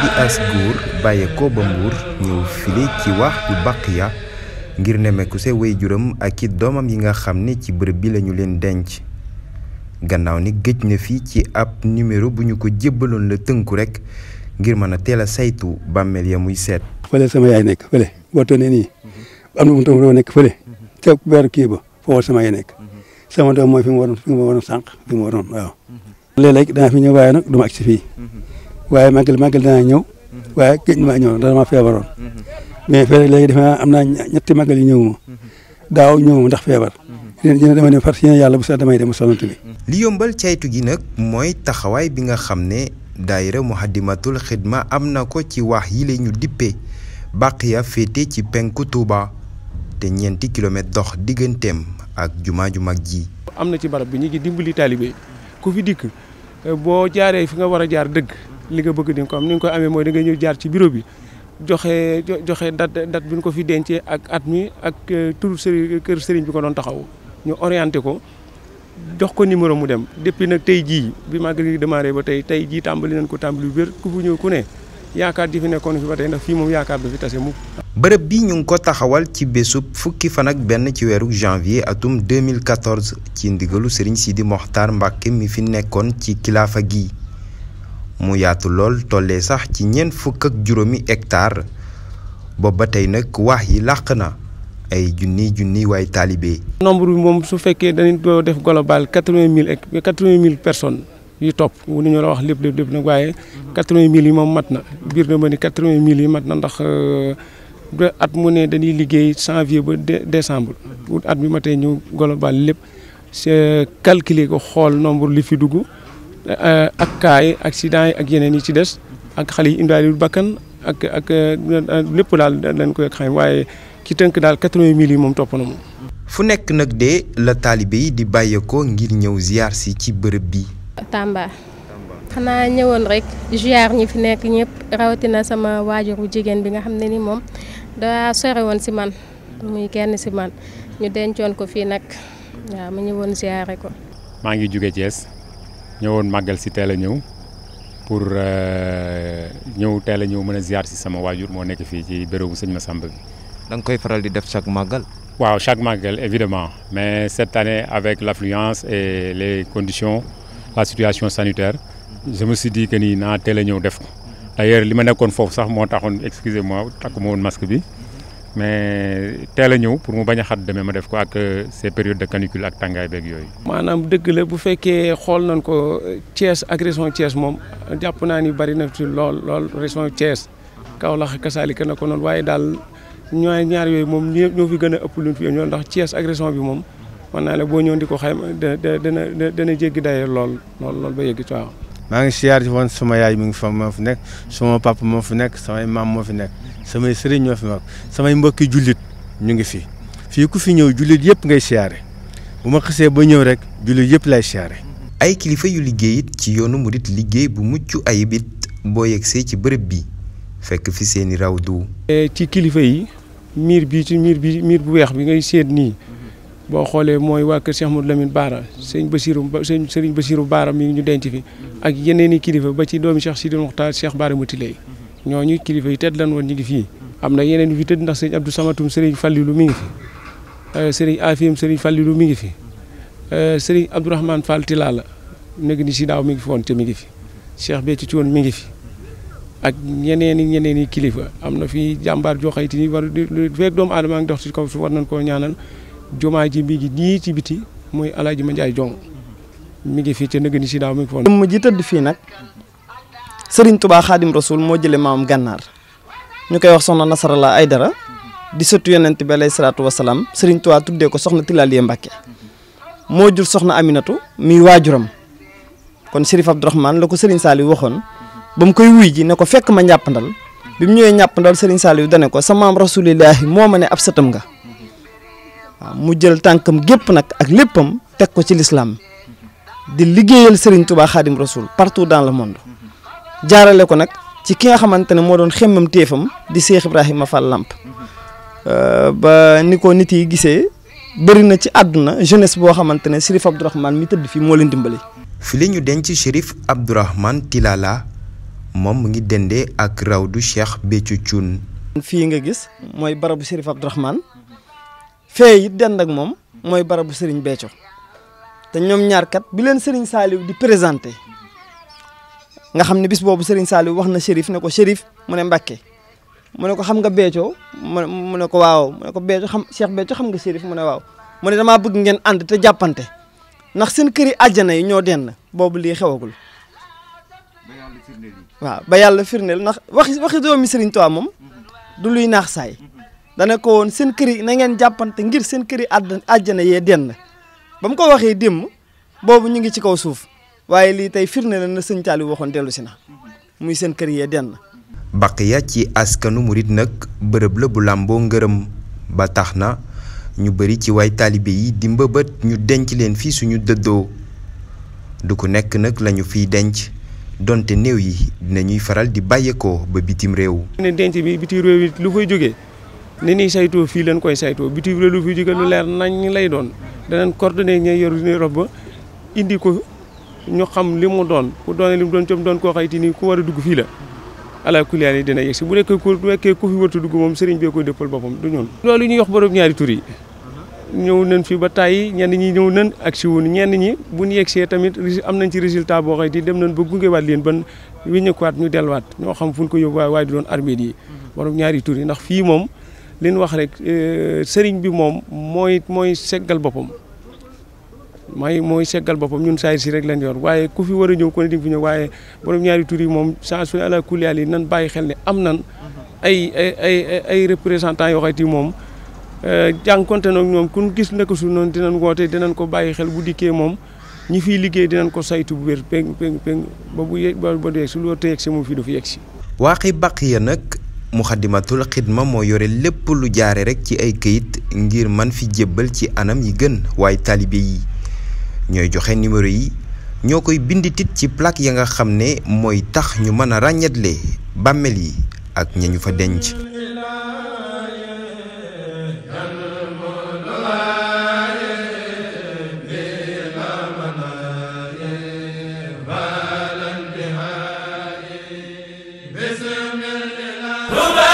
di as góor bàyyee ko ba mbuur ñëw file ci wax yu Baqiya ngir nemmeeku see waajuram ak i doomam yi nga xam ne ci bërëb bi lañu leen denc gannaaw ni gëj na fii ci ab numéro bu ñu ko jébbaloon la tënku rek ngir mën a teel a saytu bàmmeel ya muy seet. fële sama yaay nekk fële boo toonee nii am na mu toog doo nekk fële mhm. ca weeru kii foofu sama yaay nekk mhm. sama doom mooy fi mu waroon fi mu waroon sànq fi mu waroon waaw. Mhm. léeg-léeg danaa fi ñëw waaye nag waaye màggal màggal danaa ñëw mhm. waaye géej maa ñëw dana ma feebaroon mhm. mais fee léegi defe naa am naa ñetti màggal yi ñëwuma mhm. daaw ñëwuma ndax feebar ren dina dama ne far si yàlla bu sax damay dem sonante bi li yombal caytu gi nag mooy taxawaay bi nga xam ne daayira Muxaddamatul Xidma am na ko ci wax yi la ñu dippe Baqiya féete ci penku tuuba te ñeenti kilomètre dox digganteem ak jumaa ju mag ji. am na ci barab bi ñu ngi dimbali taalibe ku fi dikk boo jaaree war a jaar dëgg. li nga bëgg di ko am ni nga koy amee mooy da nga ñëw jaar ci biro bi joxe joxe date date bi ñu ko fi dencee ak at mi ak euh, tur sëriñ kër sëriñ bi ko doon taxaw ñu orienté ko jox ko numéro mu dem depuis nag tey jii bi màggal gi démarré ba tey tey jii tàmbali nañ ko tàmbali wér ku bu ñëw ku ne yaakaar ji fi nekkoon fi ba tey ndax fii moom yaakaar du fi tase mu bërëb bi ñu ngi ko taxawal ci bésub fukki fan ak benn ci weeru janvier atum 2014 ci ndigalu sëriñ Sidi Mokhtar Mbacke mi fi nekkoon ci kilaafa gi mu yaatu lool tollee sax ci ñeent fukk ak juróomi hectare boobu ba tey nag waax yi làq na ay junniy junniy waaye taalibe. nombre bi moom su fekkee dañu doo def global quatre-vingt mille et quatre-vingt mille personnes yu topp mënu ñu la wax lépp lépp lépp nag waaye quatre-vingt mille yi moom mat na biir na ma ni quatre-vingt mille na ndax. Euh, at mu ne dañuy liggéey janvier ba décembre at bi ma tey ñu global lépp c'est calculer ko xool nombre li fi dugg Euh, ak kaay yi accident yi ak yeneen yi ci des ak xale yi indaale bakkan ak ak euh, lépp daal dañ koy xam waaye ki tënk daal quatre-vingt mille yi moom topp na moom. fu nekk nag de la taalibe yi di bàyyeekoo ngir ñëw ziar si ci bërëb bi. Tamba. xanaa ñëwoon rek ziar ñi fi nekk ñëpp rawatina sama waajuru jigéen bi nga xam ne ni moom daa sore woon si man muy kenn si man ñu dencoon ko fii nag waaw ma ñëwoon ziare ko. maa ngi jóge Thiès. ñëwoon màggal si teel a ñëw pour euh, ñëw teel a ñëw mën a ziar si sama waajur moo nekk fii ci bérébu sëñ Massamba bi. da koy faral di def chaque màggal. waaw chaque màggal évidemment mais cette année avec l'affluence et les conditions la situation sanitaire je me suis dit que nii naa teel a ñëw def ko d'ailleurs li ma nekkoon foofu sax moo taxoon excusez-moi takku ma woon masque bi. mais teel a ñëw pour mu bañ a xat demee ma def ko ak euh, ces périodes de canicule ak tàngaay beeg yooyu. maanaam dëgg la bu fekkee xool nañ ko Thiès ak région Thiès moom jàpp naa ni bari na ci lool lool région Thiès Kaolack kasaalika na ko noonu waaye daal ñooy ñaar yooyu moom ñoo fi gën a ëpp luñ fi ñoom ndax Thiès ak région bi moom. mën naa la boo ñëw di ko xayma dana dana dana jéggi daye lool lool lool ba yëgg ci aw maa ngi siyaar ci woon sama yaay mu ngi fa moo fi nekk sama papa moo fi nekk samay maam moo fi nekk samay sëriñ ñoo fi nekk samay mbokki jullit ñu ngi fi fii ku fi ñëw jullit yëpp ngay siyaare bu ma xasee ba ñëw rek jullit yëpp lay siyaare. ay kilifa yu liggéey ci yoonu murit liggéey bu mucc ayib it boo yegsee ci bërëb bi fekk fi seeni rawdu. Eh, ci kilifa yi miir bii ci miir bi bu weex bi ngay seet nii. boo xoolee mooy waa kër Cheikh Modou Lamine Baara sëñ Basiru sëñ sëriñ Basiru Baara mi ñu denc fi ak yeneeni kilifa ba ci doomi Cheikh Sidil Mokhtar Cheikh Baara ñoo ñuy kilifa yi tedd lan woon ñu ngi fii am na yeneen yu fi tëdd ndax sëñ Abdou Samatum sëriñ Fallilu mi ngi fi euh, sëriñ Afim sëriñ Fallilu mi ngi fi euh, sëriñ Abdourahmane Fall Tilala nekk ni si daaw mi ngi fi mi ngi fi Cheikh Béthio Thioune mi ngi fi ak ñeneen i ñeneen i kilifa am na fi jàmbaar joo xayti ni war lu fekk doomu aadama ngi dox ci kaw su war nañ koo ñaanal jumaa ji mi ngi nii ci biti muy alaaji ma njaay jong mi ngi fii ca nëgëni si daaw mi ngi foon mu ji tëdd fii nag sëriñ tubaa xaadim rasul moo jële maamam gànnaar ñu koy wax soxna nasarala ay dara di sëtu yonent bi alayhi salaatu wasalaam sëriñ tuddee ko soxna mbàkke moo jur soxna aminatu muy waajuram kon Chérif Abdourahmane la ko sëriñ Saliou waxoon ba mu koy wuy ji ne ko fekk ma njàppandal bi mu ñëwee njàppandal sëriñ Saliou dane ko sa maam rasulillahi moo ma ne ab sëtam nga waaw mu jël tànkam gépp nag ak léppam teg ko ci lislaam di liggéeyal Serigne Touba Khadim Rasoul partout dans le monde jaarale ko nag ci ki nga xamante ne moo doon xemmam téefam di Cheikh Ibrahima Fall Lamp euh, ba ni ko nit yi gisee bëri na ci àdduna jeunesse boo xamante ne Chérif Abdourahmane mi tëdd fii moo leen dimbali. fi li ñu denc Chérif Abdourahmane Tilala moom mu ngi dendee ak du Cheikh Béthio Thioune. fii nga gis mooy barabu Chérif Abdourahmane fee it dend ak moom mooy barabu Serigne Béthio te ñoom ñaar kat bi leen Serigne Saliou di présenté nga xam ni bis boobu Serigne saaliw wax na Chérif ne ko Chérif mu ne Mbacke mu ne ko xam nga Béthio mu ne ko waaw mu ne ko Béthio xam Cheikh Béthio xam nga Chérif mu ne waaw mune ne damaa bëgg ngeen ànd te jàppante ndax seen kër yi àjjana yi ñoo dend boobu lii xewagul. waaw ba yàlla firndeel ndax waxi waxi doomi Serigne moom du luy naax saay. dana ko woon seen kër yi na ngeen jàppante ngir seen kër yi àdd àjjana yee denn ba mu ko waxee démb boobu ñu ngi ci kaw suuf waaye lii tey firnde na na sëñ Thialiou waxoon dellu si na muy seen kër yee denn. Baqiya ci askanu murit nag bërëb la bu làmboo ngërëm ba tax na ñu bari ci way taalibe yi di mbëbët ñu denc leen fii suñu dëddoo du ko nekk nag lañu fiy denc. donte néew yi dina ñuy faral di bàyyeekoo ba bitim réew. ne denc bi bitim réew yi lu fay jóge ni ñuy saytoo fii lañ koy saytoo bitim réew lu fi jóge lu leer nañ lay doon danañ coordonné ñooy yor ni rob ba indi ko ñu xam li mu doon ku doonee li mu doon coono doon koo xayti ni ku war a dugg fii la ala kulli yi dina si bu nekkee ku nekkee ku fi wartu dugg moom sëriñ bee koy dëppal boppam du ñun. loolu ñuy wax borom ñaari tur yi ñëw nañ fi ba tàyyi ñenn ñi ñëw nañ ak ñenn ñi bu ñu yegsee tamit am nañ ci résultat boo xayti dem nañ ba gungewaat leen ban wéññeekuwaat ñu delluwaat ñoo xam fu ko yóbbu waaye di doon armée yi borom ñaari tur yi ndax fii moom li ñu wax rek euh, sëriñ bi moom mooy mooy seggal boppam mooy mooy seggal boppam ñun saay si rek lañ yor waaye ku fi war a ñëw ku ne di fi ñëw waaye borom ñaari tur yi moom saa su nan bàyyi xel ne am nan ay ay ay ay représentants yoo xayti moom euh, jànkonte nag ñoom kun gis naka su noonu dinañ woote dinañ ko bàyyi xel bu dikkee moom ñi fiy liggéey dinañ ko saytu bu wér peng ba bu yegg ba te yegg si moom fii du fi yegg si. waaxi bàq ya nag muxaddamatul xidma moo yore lépp lu jaare rek ci ay kayit ngir man fi jébbal ci anam yi gën waaye taalibe yi ñooy joxe numéro yi ñoo koy bind binditit ci plaque ya nga xam ne mooy tax ñu mën a ràññeetle bàmmeel yi ak ñañu fa denc Lula!